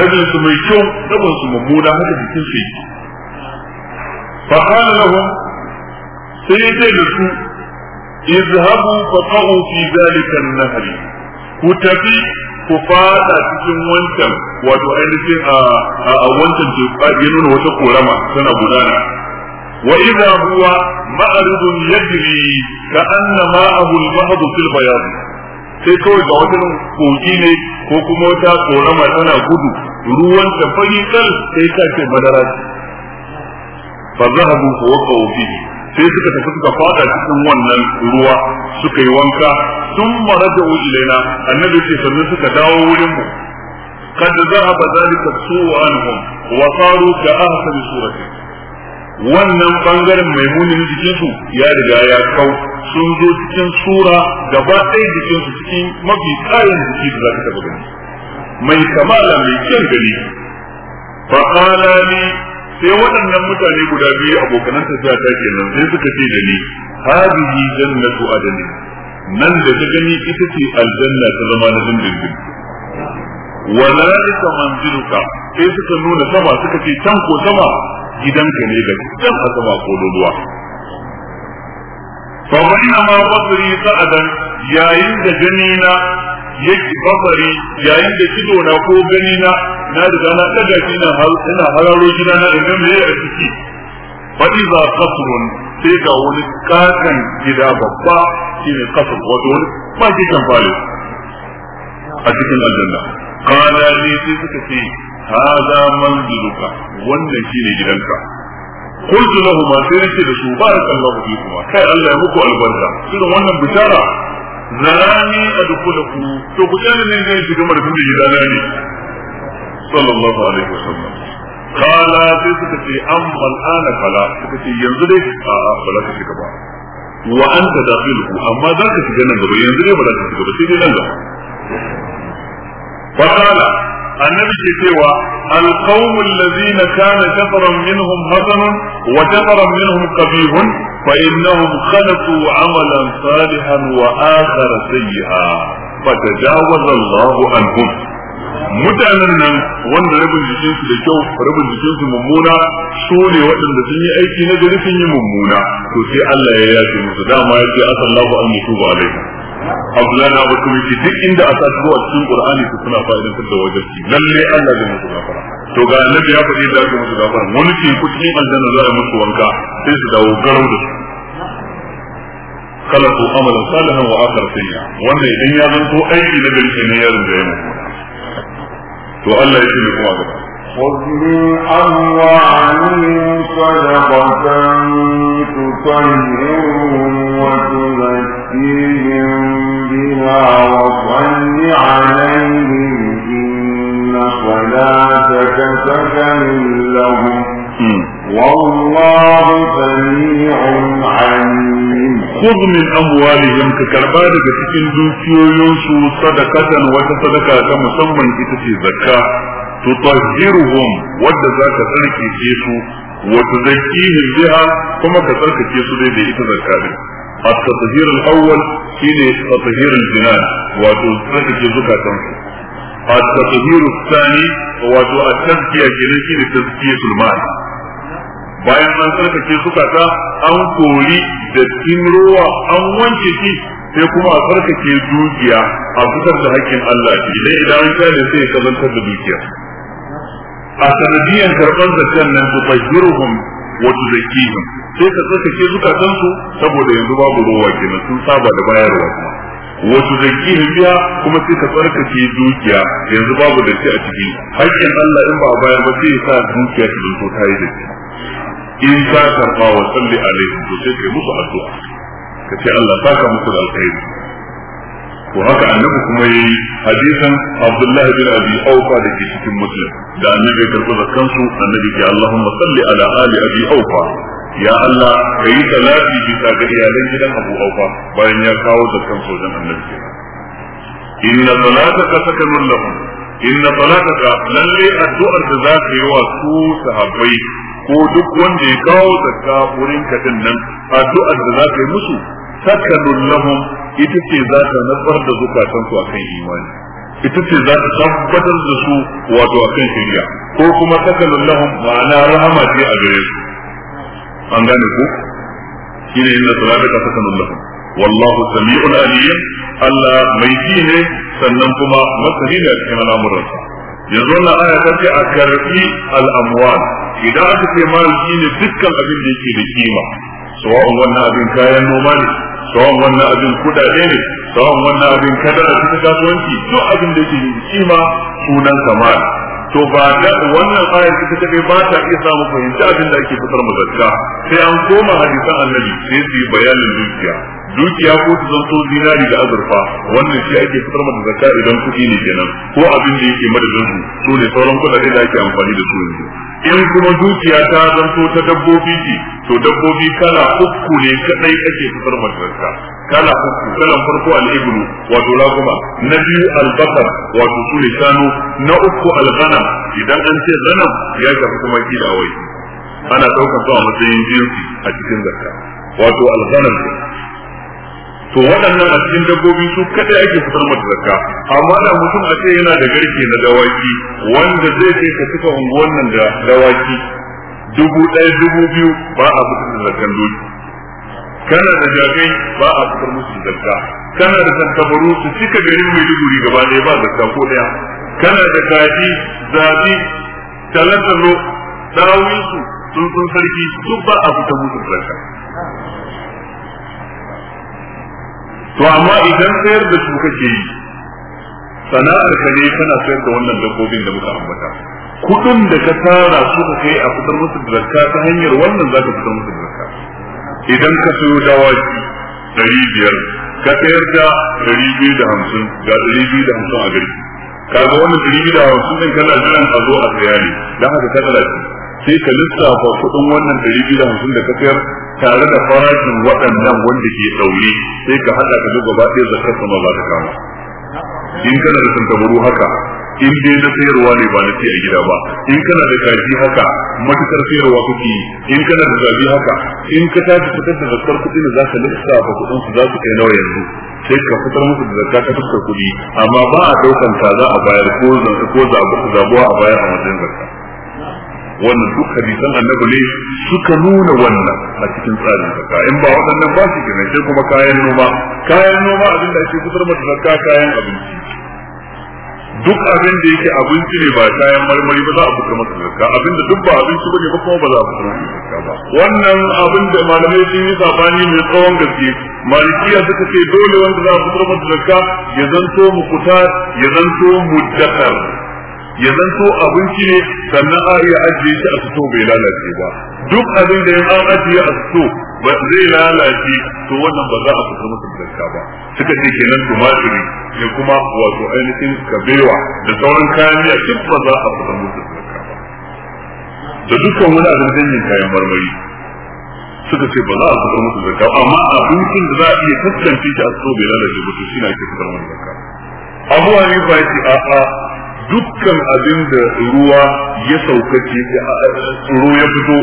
rabin su mai kyau rabin su mummuna haka jikinsu yake fa kana lahum sai ya da su izhabu faqa'u fi zalika an-nahr ku tafi ku fada cikin wancan wato ainihin a wancan teku ya nuna wata korama tana gudana wa idza huwa ma'ridun yajri ka anna ma'ahu al-bahd sai kawai ga wata kogi ne ko kuma wata korama tana gudu ruwan ta fari sai ta ce madara fa zahabu fa waqa'u fihi sai suka tafi suka fada cikin wannan ruwa suka yi wanka sun da maraja'u ilaina annabi ce sannu suka dawo wurin mu a ba zalika wa anhum wa faru ka ahsani surati wannan bangaren mai munin jikinsu ya riga ya kau sun zo cikin sura gaba ɗaya jikinsu cikin mafi kayan jiki da za ka taɓa gani mai kamala mai kyan gani fa ni sai waɗannan mutane guda biyu abokanan tafiya ta ke nan sai suka ce da ni hadihi jannatu adani nan da ta gani ita ce aljanna ta zama na dindindin walalika manziluka sai suka nuna sama suka ce can ko sama gidanka ne da can a sama ko ruwa fa bainama basri sa'adan yayin da gani na yake bafari yayin da kido na ko gani na na riga na daga shi na ina hararo gida na idan me a ciki fa iza qasrun sai ga wani kakan gida babba shine qasr wato wani ba shi kan fare a cikin aljanna kana ne sai suka ce hada manziluka wannan shine gidanka قلت لهما سيرتي لسو بارك الله فيكما كي الله يبكو البركة سيرو وانا بشارة zarani adkhuluhu to ku kana ne zai shiga marfin da gidana ne sallallahu alaihi wa sallam. kala sai suka ce amma al'ana kala suka ce yanzu dai a'a ba za ka shiga ba wa anta dakhiluhu amma za ka shiga nan gaba yanzu dai ba za ka shiga ba sai dai nan gaba fa annabi ke cewa alqawmu allazina kana kafaran minhum hasanun wa kafaran minhum qabihun fa innahum khalatu amalan salihan wa akhar sayyi'a fatajawaza Allahu anhum mutanen nan wanda rabin jikinsu da kyau rabin jikinsu mummuna su ne waɗanda sun yi aiki na gari sun yi mummuna to sai Allah ya yafe musu dama ya ce asallahu an yutubu alaikum Abdullahi Abu kuma yace duk inda sa zo a cikin Qur'ani su suna fa'idantar da wajen shi lalle Allah zai musu gafara to ga annabi ya faɗi da zai musu gafara wani ce cikin aljanna za a musu wanka sai su dawo garau da su amala املا wa akhar سيئا wanda idan ya zan zanto aiki na gari ne ya rinda yana to Allah ya ce kuma gaba خذ من أموالهم صدقة تطهرهم وتزكيهم فأتيهم بها وصل عليهم إن صلاتك hmm. خذ من أموالهم ككربا daga cikin dukiyoyinsu sadakatan wata sadaka ta musamman ita ce zakka tutahhiruhum wadda zaka tsarkake su wa tuzakkihim biha kuma ka tsarkake su dai da ita zakka at-tatheer al-awwal shine at-taheer jinan wato tsarkake zukatan su at wato shine bayan an tsarkake zukata an kori da ruwa an wanke shi sai kuma a tsarkake dukiya a fitar da hakkin Allah shi dai idan an kare sai ya kazantar da dukiya a sanadiyan karɓar zakan nan su fahiruhum wa tuzakkihim sai ka ke tsarkake zukatansu saboda yanzu babu ruwa kenan sun saba da bayarwa kuma wasu zaki biya kuma sai ka tsarkake dukiya yanzu babu da shi a ciki haƙƙin Allah in ba a bayar ba sai ya sa dukiya ta zanto ta yi da shi in ka karɓa wa salli alaihi to sai kai musu addu'a ka ce Allah saka musu da alkhairi Ko haka annabi kuma yayi hadisan Abdullah bin Abi Aufa da ke cikin Muslim da annabi ya karɓi zakkansu annabi ke Allahumma salli ala ali Abi Aufa ya Allah ka yi talafi bisa ga iyalan gidan Abu Aufa bayan ya kawo da kan sojan annabi kenan inna salataka sakanun lahum inna salataka lalle addu'ar da za ka yi wa su sahabbai ko duk wanda ya kawo zakka wurin ka din nan addu'ar da za ka yi musu sakanun lahum ita ce za ta nabar da zukatan su akan imani ita ce za ta tabbatar da su wato akan shari'a ko kuma sakanun lahum ma'ana rahama ce a gare su an gane ku Shi ne shine da salataka sakanun lahum wallahu sami'un alim Allah mai ji ne sannan kuma masani ne a cikin al'amuransa yanzu na aya ta ce a karbi al'amwal idan aka ce mal ne dukkan abin da yake da kima sawa'un wannan abin kayan noma ne sawa'un wannan abin kudade ne sawa'un wannan abin kadara cikin kasuwanci duk abin da yake da kima sunan kamar to ba da wannan ayar ita kadai ba ta iya samu fahimci abin da ake fitar mu zakka sai an koma hadisan annabi sai su yi bayanin dukiya dukiya ko ta zanto zinari da azurfa wannan shi ake fitar mata zakka idan kuɗi ne kenan ko abin da yake mada su su ne sauran kuɗaɗe da ake amfani da su yanzu in kuma dukiya ta zanto ta dabbobi ce to dabbobi kala uku ne kadai ake fitar mata zakka kala uku kalan farko al-ibnu wato laguma na biyu al wato su ne shanu na uku al-ghanam idan an ce ghanam ya shafi kuma kidawai ana daukar su a matsayin jinsi a cikin zakka wato al-ghanam to waɗannan a cikin dabbobi su kadai ake fitar mata zakka amma da mutum a ce yana da garke na dawaki wanda zai ce ka cika unguwan nan da dawaki dubu ɗaya dubu biyu ba a fitar da zakkan doki kana da jagai ba a fitar musu zakka kana da tantabaru su cika garin mai duguri gaba ɗaya ba zakka ko ɗaya kana da kaji zabi talatalo dawinsu tsuntsun sarki duk ba a fitar musu zakka to amma idan sayar da su kake yi sana'ar ka ne kana sayar da wannan dabbobin da muka ambata kudin da ka tara su ka kai a fitar musu da zakka ta hanyar wannan zaka fitar musu da zakka idan ka sayo dawaki dari biyar ka sayar da dari biyu da hamsin ga dari biyu da hamsin a gari kaga wannan dari biyu da hamsin din kana jiran a zo a saya ne dan haka ka tsara sai ka lissafa kudin wannan dari biyu da hamsin da ka sayar tare da farashin waɗannan wanda ke ɗaure sai ka haɗa ka duba gaba ɗaya zakar sama za ta kama in kana da tantabaru haka in dai na sayarwa ne ba na ce a gida ba in kana da kaji haka matukar sayarwa kuke yi in kana da zabi haka in ka tashi fitar da zakar kuɗi da za ka ba kuɗin su za su kai nawa yanzu sai ka fitar musu da zakar ta fuskar kuɗi amma ba a ɗaukan za a bayar ko zabuwa a bayar a matsayin zakar wannan duk hadisan annabi ne suka nuna wannan a cikin tsarin zakka in ba waɗannan ba su kenan sai kuma kayan noma kayan noma abin da ake fitar mata zakka kayan abinci duk abin da yake abinci ne ba kayan marmari ba za a fitar mata zakka abin da duk ba abinci bane ba kuma ba za a fitar mata zakka ba wannan abin da malamai sun yi sabani mai tsawon gaske malikiya suka ce dole wanda za a fitar mata zakka ya zanto mukuta ya zanto muddakar ya zanto abinci ne sannan a iya ajiye shi a fito bai lalace ba duk abin da ya an ajiye a fito ba zai lalace to wannan ba za a fitar masa zakka ba suka ce kenan tumatiri da kuma wato ainihin kabewa da sauran kayan miya duk ba za a fitar masa zakka ba da dukkan wani abin danyen kayan marmari suka ce ba za a fitar masa zakka amma abincin da za a iya tantance shi a fito bai lalace ba to shi na ake fitar wani zakka abuwa ne ba ya ce a'a dukkan abin da ruwa ya sauka ke ruwa ya fito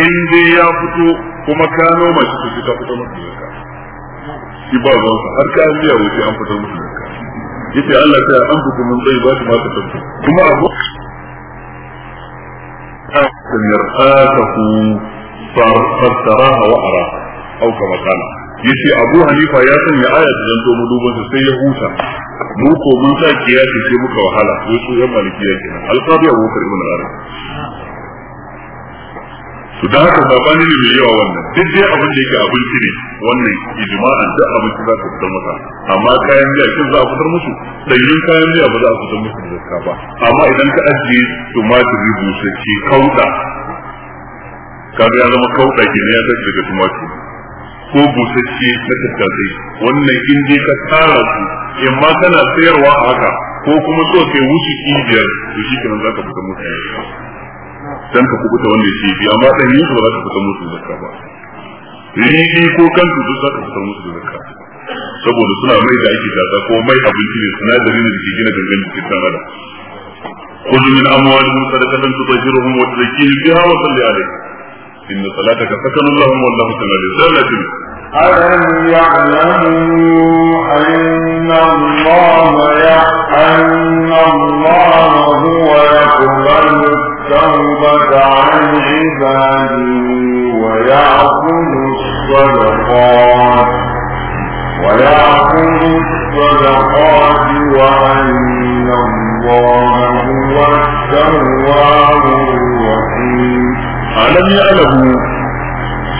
in dai ya fito kuma ka noma shi kuke ka fito masa yanka shi ba ruwan sa har ka biya wuce an fitar masa yanka yace Allah ta an fito mun zai ba shi ma ka tafi kuma abu ta mirqatahu fasaraha wa ara au kama kana yace Abu Hanifa ya sanya aya da zanto madubin sa sai ya huta mu ko mun sa kiyasi sai muka wahala ko su yan malikiya kenan alqabi Abu Bakar ibn Umar to da haka sabani ne mai yawa wannan duk dai abin da yake abin ne wannan ijma'a da abin za ka fitar masa amma kayan da kin za a fitar musu sanyin kayan da ba za a fitar musu da ka ba amma idan ka ajiye tumatiri busasshe kauda kaga ya zama kauda kenan ya tafi daga tumaki ko busasshe na tattasai wannan in ka tara su in ma kana sayarwa a haka ko kuma so sai wuce ibiyar to shi kenan zaka fita musu dan ka kubuta wanda shi biya amma dan yin ba za ka fita musu zakka ba riɗi ko kan duk za ka fita musu zakka saboda suna mai da ake gasa ko mai abinci ne da ne da ke gina dangane da cikin adam kullu min amwalihim sadaqatan tutahhiruhum wa tuzakkihim biha wa salli alaihim إن صلاتك سكن لهم والله سميع رسالة ألم يعلموا أن الله أن الله هو يقبل التوبة عن عباده ويأخذ الصدقات ويأخذ الصدقات وأن الله هو التواب الرحيم alam Alahu,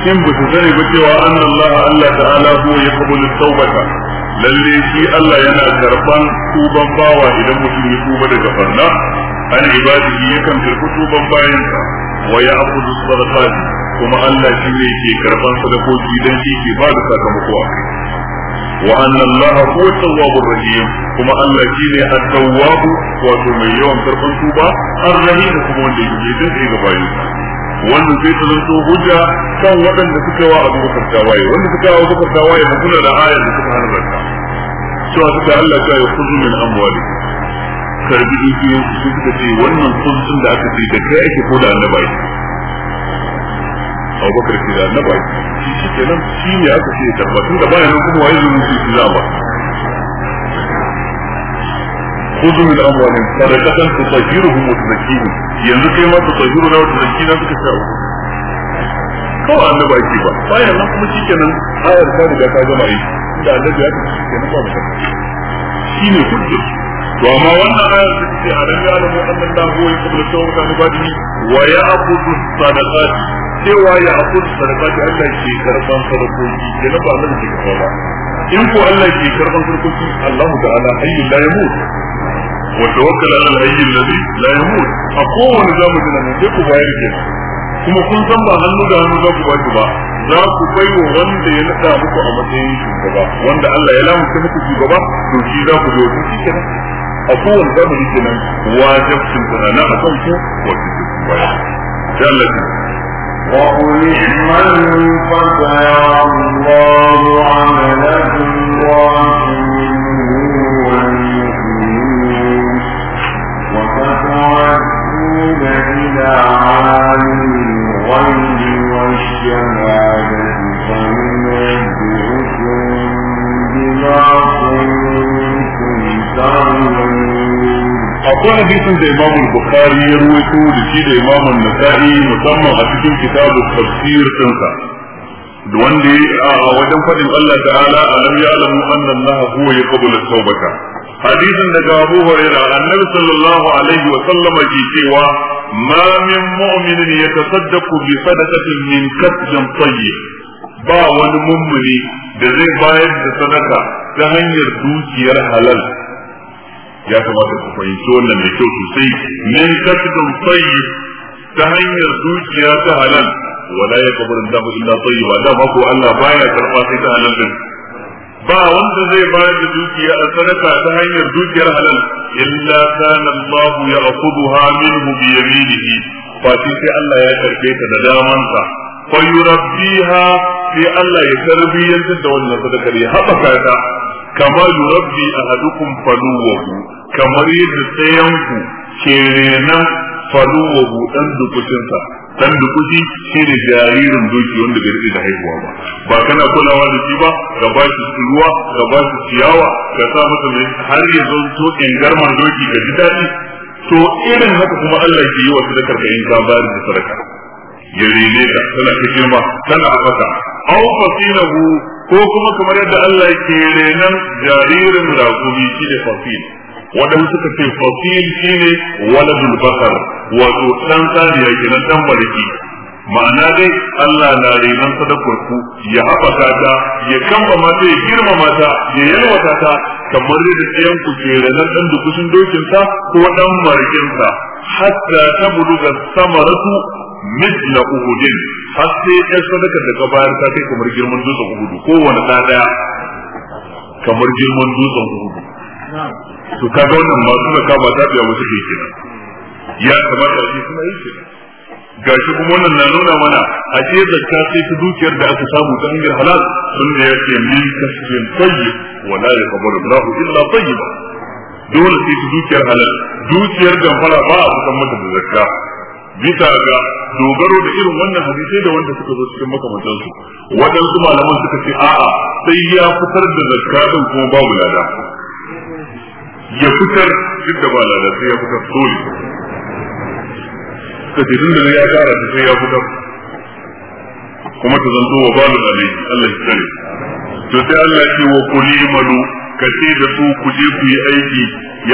shin ba su sani ba cewa anna Allah Allah ta'ala ko ya kabulu taubata lalle shi Allah yana karban tuban bawa idan mutum ya tuba daga farna an ibadihi yakan karbi tuban bayansa wa ya'khudhu sadaqat kuma Allah shi ne ke karban sadakoki dan shi ke ba da sakamako wa anna Allah huwa at-tawwabur rahim kuma Allah shi ne at-tawwab wato mai yawan karban tuba ar-rahim kuma wanda yake jin gaba bayansa wannan sai ta zanto hujja kan waɗanda suka wa abu bakar tawaye wanda suka wa bakar tawaye ba kuna da ayar da suka hana barka cewa suka Allah ta yi kuzu min amwali karbi dukiyoyin su suka ce wannan kuzun da aka ce da kai ake ko da annabai abu bakar ke da annabai shi kenan shi ne aka ce karba tun da bayan kuma waye zuwa shi za ba خذوا من أموالهم صدقة تطهرهم وتزكيهم kawai an ake ba bayan nan kuma shi kenan ayar ta riga ta gama yi da annabi ya ta shi kenan ba mutum shi ne hujjar to amma wannan ayar ta ce a ranar alamu da huwa ya kabla ta wata mubadini wa ya abudu sadaqati cewa ya abudu sadaqati Allah ke karban sadakoki kenan ba Allah ke karba ba in ko Allah ke karban sadakoki Allah ta'ala hayyul la yamut وتوكل على الحي الذي لا يموت اقوم نظام من تلك بعيد جدا كنت سمع هل نجا هل نجا في بعيد بقى ذاك كي وغند بك أمتين في الغباء ألا يلام سمك في الغباء تلقي ذاك في أقوى نظام الدنيا واجب سمتنا نعطم في وجود في بعيد جال لك وقل الله عملكم ورسوله الرسول إلى عالم الغيب والشهادة فينبئكم بما كنتم تعملون akwai hadisin da Imam Bukhari ya ruwaito da shi da Imam Nasa'i musamman a cikin kitabu tafsir ɗinsa da wanda a wajen faɗin Allah ta'ala alam ya alamu anna Allah huwa yaqbalu tawbata hadisin daga Abu Hurairah annabi sallallahu alaihi wa sallam ke cewa ma min mu'minin yatasaddaqu bi sadaqatin min kasbin tayyib ba wani mummuni da zai bayar da sadaka ta hanyar dukiyar halal ya kamata ku fahimci wannan da kyau sosai min kasbin tayyib ta hanyar dukiya ta halal wala ya kabarin da illa da ba ko Allah baya karba sai ta ba wanda zai bayar da dukiya a sadaka ta hanyar dukiyar halal illa kana Allah ya akuduha minhu bi yaminihi fa sai Allah ya karbe ta da damansa fa yurabbiha sai Allah ya tarbiyyantar da wannan sadakar ya haɓaka ta kama yurabbi ahadukum faluwahu kamar yadda tsayanku ke renan faluwahu dan dukushinsa dan dukushi shi ne jaririn doki wanda bai da haihuwa ba ba kana kulawa da shi ba ga ba shi ruwa ga ba shi ciyawa ka sa masa mai har ya zo to in garman doki ka ji daɗi to irin haka kuma Allah ke yi wa sadakar da in ka da sadaka ya rene ka tana ta girma tana afata aw fasilahu ko kuma kamar yadda Allah ke renan jaririn rakumi shi da fasila waɗanda suka ce fasil shi ne waladul bakar wato ɗan saniya kenan ɗan bariki ma'ana dai Allah na renon sadakar ku ya haɓaka ta ya kamba mata ya girmama ta ya yalwata ta kamar da ɗayan ku ke duk ɗan dokin sa, ko ɗan marikinsa hatta ta ga samaratu mithla uhudin har sai ɗan sadakar da ka bayar ta kai kamar girman dutsen uhudu kowane ɗaya kamar girman dutsen uhudu to ka ga wannan masu zaka kama ta biya wasu ke kenan ya kamata shi suna yi kenan gashi kuma wannan na nuna mana a ce zakka sai ta dukiyar da aka samu ta hanyar halal sun da yake min kasbin tayyib wa la yaqbalu Allahu illa tayyiba dole sai ta dukiyar halal dukiyar fara ba a kusan mata da zakka bisa ga dogaro da irin wannan hadisai da wanda suka zo cikin makamantansu waɗansu malaman suka ce a'a sai ya fitar da zakka din kuma babu lada ya fitar duk da ba lada sai ya fitar dole ka ce tun da ya kara ta sai ya fitar kuma ta zanto wa ba da alai Allah ya tsare to sai Allah ya ce wa kuli malu ka ce da su ku je ku yi aiki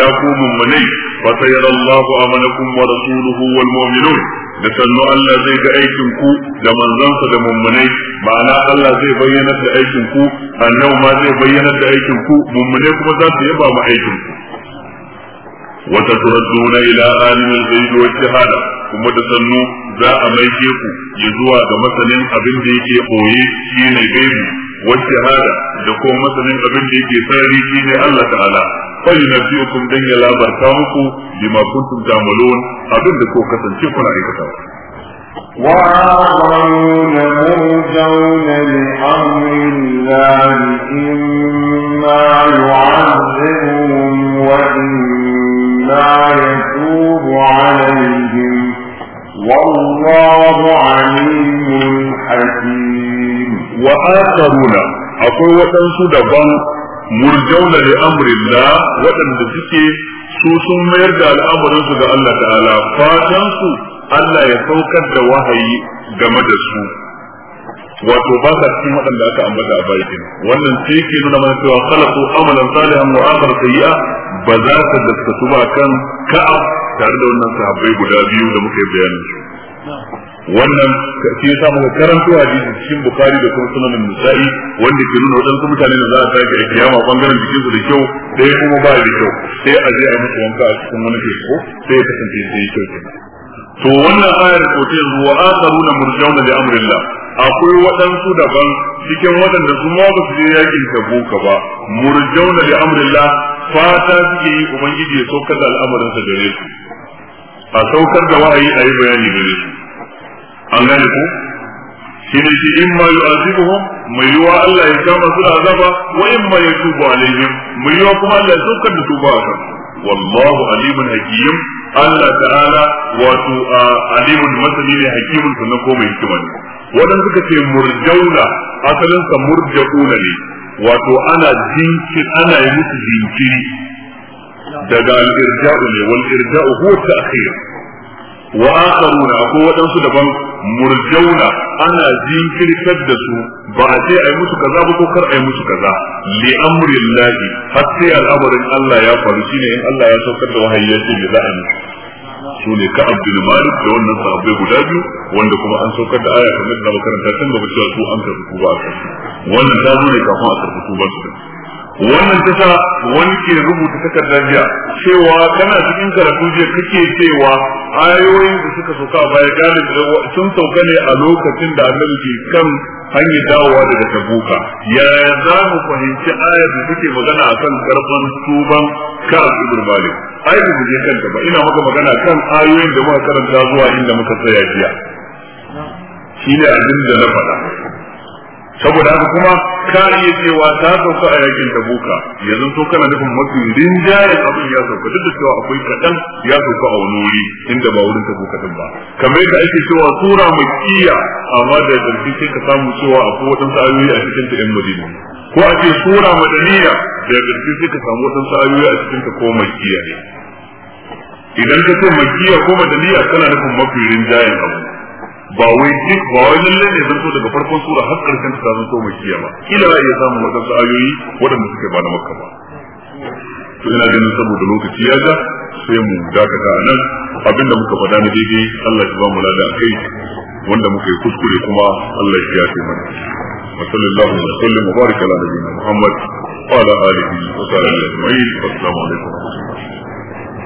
ya ku mummunai fa sayyara Allahu amanakum wa rasuluhu wal mu'minun da sannu Allah zai ga aikin ku da manzansa da mummunai ma'ana Allah zai bayyana da aikin ku annabi ma zai bayyana da aikin ku mummunai kuma za su yaba ma aikin ku Wata turardu na ila alimin zaiduwar jihada kuma da sannu za a maike ku ya zuwa ga masanin abin da ya ke ɓoye shi ne gaibi, wacce jihada da ko masanin abin da ya ke sayar da shi ne Allah Salaala, kwalli na biye tun danya muku, jima'a sun tuntambalu abin da ko kasance kuna aikata. Waƙo na mu taunabi Aminu يتوب عليهم والله عليم حكيم وآخرون أقول وتنسوا دبان مرجون لأمر الله وتنسكي su sun mayar da al'amuransu ga Allah ta'ala fatan su Allah ya saukar da wahayi game da su wato ba sa cikin waɗanda aka ambata a bakin wannan sai ke nuna mana cewa khalaqu amalan salihan wa akhar sayyi'a ba za ta daskatu ba kan ka'a tare da wannan sahabbai guda biyu da muka yi bayanin su wannan shi yasa muka karanto hadisi cikin bukhari da kuma sunan nisa'i wanda ke nuna wadansu mutane da za a tashi a kiyama bangaren jikin su da kyau sai kuma ba da kyau sai a je a musu wanka a cikin wani ke ko sai ya kasance sai kyau to wannan ayar ko ta wa akharuna murjauna li amrillah akwai waɗansu daban cikin waɗanda su ma ba su je yakin tabuka ba murjauna da amrillah fata suke yi ubangiji ya saukar da al'amarin sa gare su a saukar da wa'ayi a yi bayani gare su an gane ku shi ne shi in ma yu'azibuhum mai wa Allah ya kama su azaba wa in ma ya tuba alaihim mai wa kuma Allah ya saukar da tuba a kansu Allah Ta'ala wato alimun masani ne عليم مثلي ko mai من ne. wadan suka ce murjauna asalin sa murjauna ne wato ana jinki ana yi musu jinkiri daga al-irja'u ne wal irja'u huwa ta'khir wa akharuna Ko wadansu daban murjauna ana jinkirtar da su ba a ce ai musu kaza ba ko kar ai musu kaza li amrillahi har sai al'amarin Allah ya faru shine in Allah ya saukar da wahayi ya ce bi za a yi su ne ka abdul malik da wannan sahabbai guda biyu wanda kuma an saukar da aya kamar da makaranta kan ba cewa su an karɓi tuba a kansu wannan ta zo ne kafin a karɓi tuba su wannan ta sa wani ke rubuta takardar jiya cewa kana cikin karatu jiya kake cewa ayoyin da suka sauka a baya galibi sun sauka ne a lokacin da annabi ke kan hanyar dawowa daga tabuka ya za mu fahimci ayar da suke magana akan karfin tuban kar su malik ai mu je kanta ba ina maka magana kan ayoyin da muka karanta zuwa inda muka tsaya jiya Shi ne abin da na faɗa saboda haka kuma ka iya cewa ta sauka a yakin da buka yanzu so kana nufin mafi rinjayen abin ya sauka duk da cewa akwai kaɗan ya sauka a wani wuri inda ba wurin ta buka ba kamar yadda ake cewa sura mai kiya amma da zargi sai ka samu cewa akwai waɗansu ayoyi a cikin ta yan madina ko a ce sura madaniya da zargi sai ka samu waɗansu ayoyi a cikin ta ko mai kiya ne idan ka ce makiya ko madaniya kana nufin mafi rinjayen abu ba wai duk ba wai lalle ne so daga farkon sura har karshen ta zanto makiya kiyama kila za a iya samun wadansu ayoyi waɗanda suke ba na makka ba to ina ganin saboda lokaci ya ga sai mu dakata a nan abinda muka faɗa na daidai Allah ya ba mu lada kai wanda muka yi kuskure kuma Allah ya yafe mana وصلى الله وسلم وبارك muhammad نبينا محمد وعلى اله وصحبه اجمعين والسلام عليكم wa الله